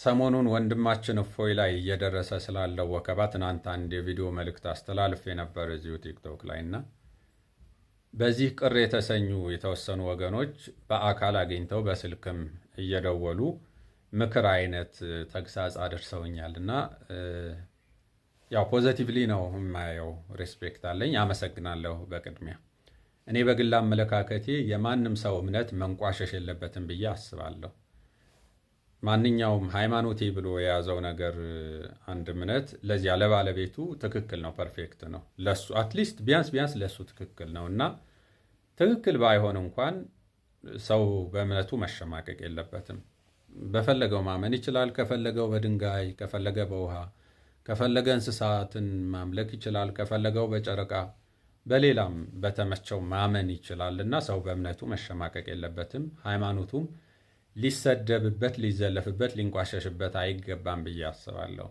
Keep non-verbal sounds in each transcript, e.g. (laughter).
ሰሞኑን ወንድማችን እፎይ ላይ እየደረሰ ስላለው ወከባ ትናንት አንድ የቪዲዮ መልእክት አስተላልፍ የነበር እዚሁ ቲክቶክ ላይ እና በዚህ ቅር የተሰኙ የተወሰኑ ወገኖች በአካል አግኝተው በስልክም እየደወሉ ምክር አይነት ተግሳጽ አድርሰውኛል እና ያው ፖዘቲቭሊ ነው የማየው። ሬስፔክት አለኝ። አመሰግናለሁ በቅድሚያ። እኔ በግል አመለካከቴ የማንም ሰው እምነት መንቋሸሽ የለበትም ብዬ አስባለሁ። ማንኛውም ሃይማኖቴ ብሎ የያዘው ነገር አንድ እምነት ለዚያ ለባለቤቱ ትክክል ነው፣ ፐርፌክት ነው ለሱ አትሊስት ቢያንስ ቢያንስ ለሱ ትክክል ነው እና ትክክል ባይሆን እንኳን ሰው በእምነቱ መሸማቀቅ የለበትም። በፈለገው ማመን ይችላል። ከፈለገው በድንጋይ ከፈለገ በውሃ ከፈለገ እንስሳትን ማምለክ ይችላል። ከፈለገው በጨረቃ በሌላም በተመቸው ማመን ይችላል እና ሰው በእምነቱ መሸማቀቅ የለበትም ሃይማኖቱም ሊሰደብበት፣ ሊዘለፍበት፣ ሊንቋሸሽበት አይገባም ብዬ አስባለሁ።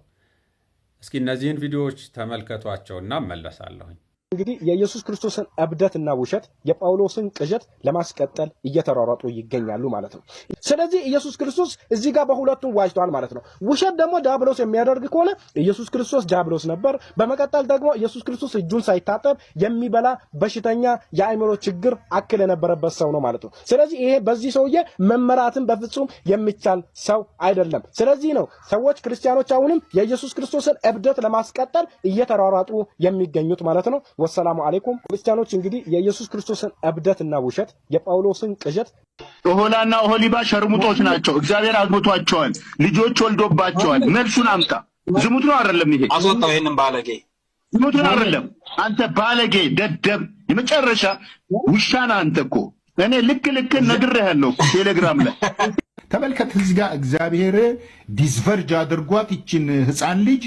እስኪ እነዚህን ቪዲዮዎች ተመልከቷቸውና እመለሳለሁኝ። እንግዲህ የኢየሱስ ክርስቶስን እብደትና ውሸት የጳውሎስን ቅዠት ለማስቀጠል እየተሯሯጡ ይገኛሉ ማለት ነው። ስለዚህ ኢየሱስ ክርስቶስ እዚህ ጋር በሁለቱም ዋጅተዋል ማለት ነው። ውሸት ደግሞ ዲያብሎስ የሚያደርግ ከሆነ ኢየሱስ ክርስቶስ ዲያብሎስ ነበር። በመቀጠል ደግሞ ኢየሱስ ክርስቶስ እጁን ሳይታጠብ የሚበላ በሽተኛ፣ የአእምሮ ችግር አክል የነበረበት ሰው ነው ማለት ነው። ስለዚህ ይሄ በዚህ ሰውዬ መመራትን በፍጹም የሚቻል ሰው አይደለም። ስለዚህ ነው ሰዎች ክርስቲያኖች አሁንም የኢየሱስ ክርስቶስን እብደት ለማስቀጠል እየተሯሯጡ የሚገኙት ማለት ነው። ወሰላሙ አሌይኩም። ክርስቲያኖች እንግዲህ የኢየሱስ ክርስቶስን እብደት እና ውሸት የጳውሎስን ቅዠት ኦሆላና ኦሆሊባ ሸርሙጦች ናቸው። እግዚአብሔር አግብቷቸዋል፣ ልጆች ወልዶባቸዋል። መልሱን አምጣ። ዝሙት ነው አይደለም? ይሄ አስወጣው። ይህንን ባለጌ ዝሙት ነው አይደለም? አንተ ባለጌ ደደብ፣ የመጨረሻ ውሻ ነህ አንተ እኮ። እኔ ልክ ልክ ነግሬሃለሁ ቴሌግራም ላይ ተመልከት። እዚህ ጋር እግዚአብሔር ዲስቨርጅ አድርጓት ይችን ህፃን ልጅ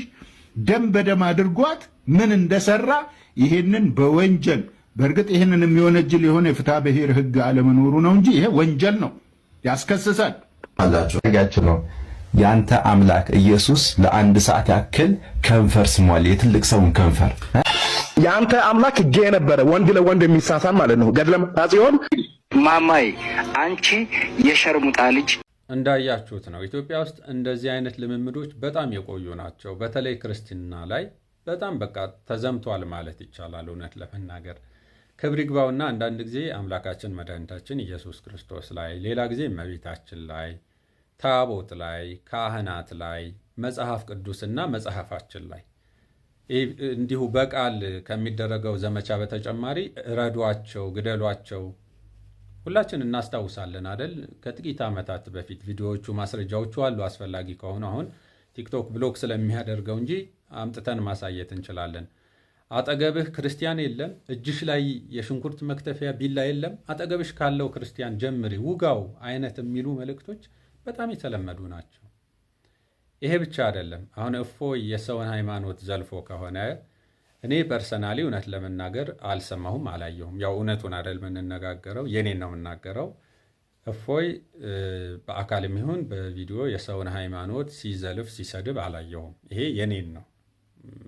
ደም በደም አድርጓት ምን እንደሰራ ይሄንን በወንጀል በእርግጥ ይህንን የሚወነጅል የሆነ የፍትሐ ብሔር ህግ አለመኖሩ ነው እንጂ ይሄ ወንጀል ነው፣ ያስከስሳል አላቸው ነው። ያንተ አምላክ ኢየሱስ ለአንድ ሰዓት ያክል ከንፈር ስሟል፣ የትልቅ ሰውን ከንፈር። የአንተ አምላክ ጌ ነበረ፣ ወንድ ለወንድ የሚሳሳም ማለት ነው። ገድለም ጽዮን ማማይ አንቺ የሸርሙጣ ልጅ። እንዳያችሁት ነው ኢትዮጵያ ውስጥ እንደዚህ አይነት ልምምዶች በጣም የቆዩ ናቸው፣ በተለይ ክርስትና ላይ በጣም በቃ ተዘምቷል ማለት ይቻላል። እውነት ለመናገር ክብር ይግባውና አንዳንድ ጊዜ አምላካችን መድኃኒታችን ኢየሱስ ክርስቶስ ላይ፣ ሌላ ጊዜ መቤታችን ላይ፣ ታቦት ላይ፣ ካህናት ላይ፣ መጽሐፍ ቅዱስና መጽሐፋችን ላይ እንዲሁ በቃል ከሚደረገው ዘመቻ በተጨማሪ ረዷቸው፣ ግደሏቸው ሁላችን እናስታውሳለን አደል? ከጥቂት ዓመታት በፊት ቪዲዮዎቹ ማስረጃዎቹ አሉ። አስፈላጊ ከሆኑ አሁን ቲክቶክ ብሎክ ስለሚያደርገው እንጂ አምጥተን ማሳየት እንችላለን። አጠገብህ ክርስቲያን የለም፣ እጅሽ ላይ የሽንኩርት መክተፊያ ቢላ የለም፣ አጠገብሽ ካለው ክርስቲያን ጀምሪ፣ ውጋው አይነት የሚሉ መልእክቶች በጣም የተለመዱ ናቸው። ይሄ ብቻ አይደለም። አሁን እፎ የሰውን ሃይማኖት ዘልፎ ከሆነ እኔ ፐርሰናሊ እውነት ለመናገር አልሰማሁም፣ አላየሁም። ያው እውነቱን አይደል የምንነጋገረው፣ የኔን ነው የምናገረው። እፎይ በአካልም ይሁን በቪዲዮ የሰውን ሃይማኖት ሲዘልፍ ሲሰድብ አላየሁም። ይሄ የኔን ነው።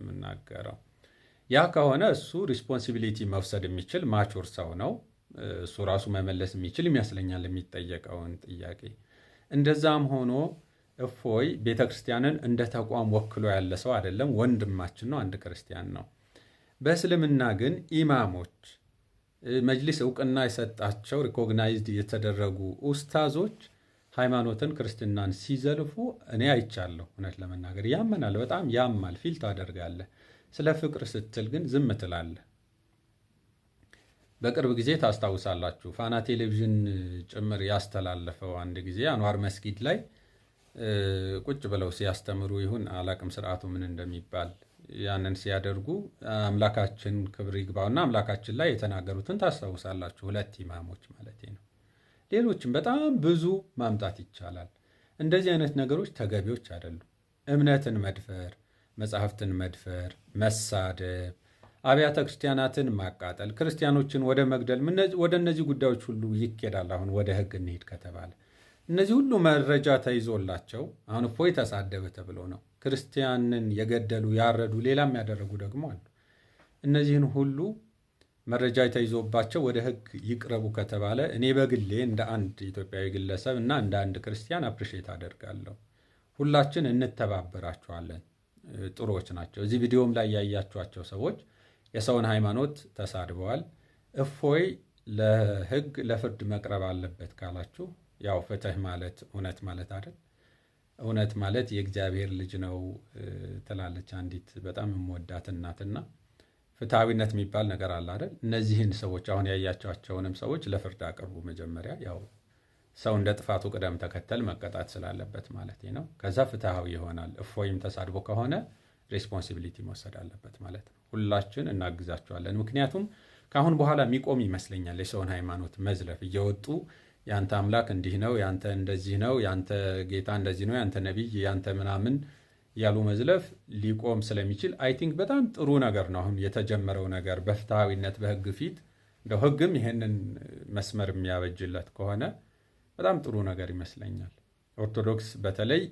የምናገረው። ያ ከሆነ እሱ ሪስፖንሲቢሊቲ መውሰድ የሚችል ማቹር ሰው ነው። እሱ ራሱ መመለስ የሚችል ይመስለኛል የሚጠየቀውን ጥያቄ። እንደዛም ሆኖ እፎይ ቤተ ክርስቲያንን እንደ ተቋም ወክሎ ያለ ሰው አይደለም፣ ወንድማችን ነው፣ አንድ ክርስቲያን ነው። በእስልምና ግን ኢማሞች፣ መጅሊስ እውቅና የሰጣቸው ሪኮግናይዝድ የተደረጉ ኡስታዞች ሃይማኖትን ክርስትናን ሲዘልፉ እኔ አይቻለሁ። እውነት ለመናገር ያመናል፣ በጣም ያማል፣ ፊል ታደርጋለህ። ስለ ፍቅር ስትል ግን ዝም ትላለህ። በቅርብ ጊዜ ታስታውሳላችሁ፣ ፋና ቴሌቪዥን ጭምር ያስተላለፈው አንድ ጊዜ አንዋር መስጊድ ላይ ቁጭ ብለው ሲያስተምሩ ይሁን አላቅም፣ ስርዓቱ ምን እንደሚባል ያንን ሲያደርጉ አምላካችን ክብር ይግባውና አምላካችን ላይ የተናገሩትን ታስታውሳላችሁ። ሁለት ኢማሞች ማለት ነው ሌሎችም በጣም ብዙ ማምጣት ይቻላል። እንደዚህ አይነት ነገሮች ተገቢዎች አይደሉም። እምነትን መድፈር፣ መጽሐፍትን መድፈር፣ መሳደብ፣ አብያተ ክርስቲያናትን ማቃጠል፣ ክርስቲያኖችን ወደ መግደል፣ ወደ እነዚህ ጉዳዮች ሁሉ ይኬዳል። አሁን ወደ ህግ እንሄድ ከተባለ እነዚህ ሁሉ መረጃ ተይዞላቸው አሁን እኮ የተሳደበ ተብሎ ነው። ክርስቲያንን የገደሉ ያረዱ፣ ሌላም ያደረጉ ደግሞ አሉ። እነዚህን ሁሉ መረጃ ተይዞባቸው ወደ ህግ ይቅረቡ ከተባለ እኔ በግሌ እንደ አንድ ኢትዮጵያዊ ግለሰብ እና እንደ አንድ ክርስቲያን አፕሪሼት አደርጋለሁ። ሁላችን እንተባበራቸዋለን ጥሩዎች ናቸው። እዚህ ቪዲዮም ላይ ያያችኋቸው ሰዎች የሰውን ሃይማኖት ተሳድበዋል። እፎይ ለህግ ለፍርድ መቅረብ አለበት ካላችሁ ያው ፍትህ ማለት እውነት ማለት አይደል? እውነት ማለት የእግዚአብሔር ልጅ ነው ትላለች አንዲት በጣም የምወዳት እናትና ፍትሐዊነት የሚባል ነገር አለ አይደል? እነዚህን ሰዎች አሁን ያያቸዋቸውንም ሰዎች ለፍርድ አቅርቡ። መጀመሪያ ያው ሰው እንደ ጥፋቱ ቅደም ተከተል መቀጣት ስላለበት ማለት ነው። ከዛ ፍትሐዊ ይሆናል። እፎይም ተሳድቦ ከሆነ ሬስፖንሲቢሊቲ መውሰድ አለበት ማለት ነው። ሁላችን እናግዛቸዋለን። ምክንያቱም ከአሁን በኋላ የሚቆም ይመስለኛል የሰውን ሃይማኖት መዝለፍ እየወጡ ያንተ አምላክ እንዲህ ነው፣ ያንተ እንደዚህ ነው፣ ያንተ ጌታ እንደዚህ ነው፣ ያንተ ነቢይ፣ ያንተ ምናምን ያሉ መዝለፍ ሊቆም ስለሚችል አይ ቲንክ በጣም ጥሩ ነገር ነው። አሁን የተጀመረው ነገር በፍትሐዊነት በህግ ፊት እንደው ህግም ይህንን መስመር የሚያበጅለት ከሆነ በጣም ጥሩ ነገር ይመስለኛል። ኦርቶዶክስ በተለይ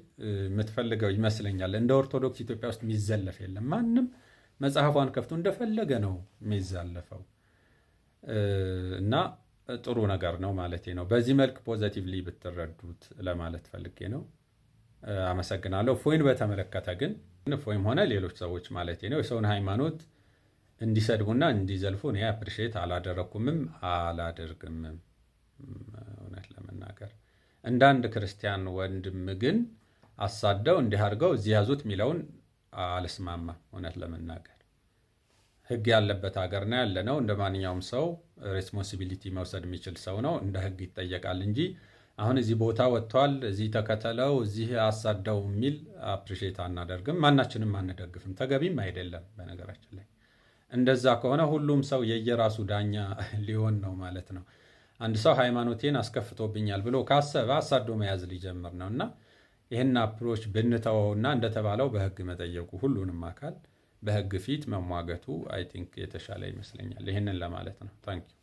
የምትፈልገው ይመስለኛል። እንደ ኦርቶዶክስ ኢትዮጵያ ውስጥ የሚዘለፍ የለም። ማንም መጽሐፏን ከፍቶ እንደፈለገ ነው የሚዛለፈው እና ጥሩ ነገር ነው ማለቴ ነው። በዚህ መልክ ፖዘቲቭሊ ብትረዱት ለማለት ፈልጌ ነው። አመሰግናለሁ። ፎይን በተመለከተ ግን ፎይም ሆነ ሌሎች ሰዎች ማለት ነው የሰውን ሃይማኖት እንዲሰድቡና እንዲዘልፉ እኔ አፕሪሼት አላደረግኩምም አላደርግምም። እውነት ለመናገር እንደ አንድ ክርስቲያን ወንድም ግን አሳደው እንዲህ አድርገው እዚህ ያዙት የሚለውን አልስማማ። እውነት ለመናገር ህግ ያለበት ሀገር ነው ያለነው። እንደ ማንኛውም ሰው ሬስፖንሲቢሊቲ መውሰድ የሚችል ሰው ነው እንደ ህግ ይጠየቃል እንጂ አሁን እዚህ ቦታ ወጥቷል፣ እዚህ ተከተለው፣ እዚህ አሳደው የሚል አፕሪሼት አናደርግም፣ ማናችንም አንደግፍም፣ ተገቢም አይደለም። በነገራችን ላይ እንደዛ ከሆነ ሁሉም ሰው የየራሱ ዳኛ (laughs) ሊሆን ነው ማለት ነው። አንድ ሰው ሃይማኖቴን አስከፍቶብኛል ብሎ ካሰበ አሳዶ መያዝ ሊጀምር ነው እና ይህን አፕሮች ብንተወውና እንደተባለው በህግ መጠየቁ ሁሉንም አካል በህግ ፊት መሟገቱ አይ ቲንክ የተሻለ ይመስለኛል። ይህንን ለማለት ነው። ታንኪዩ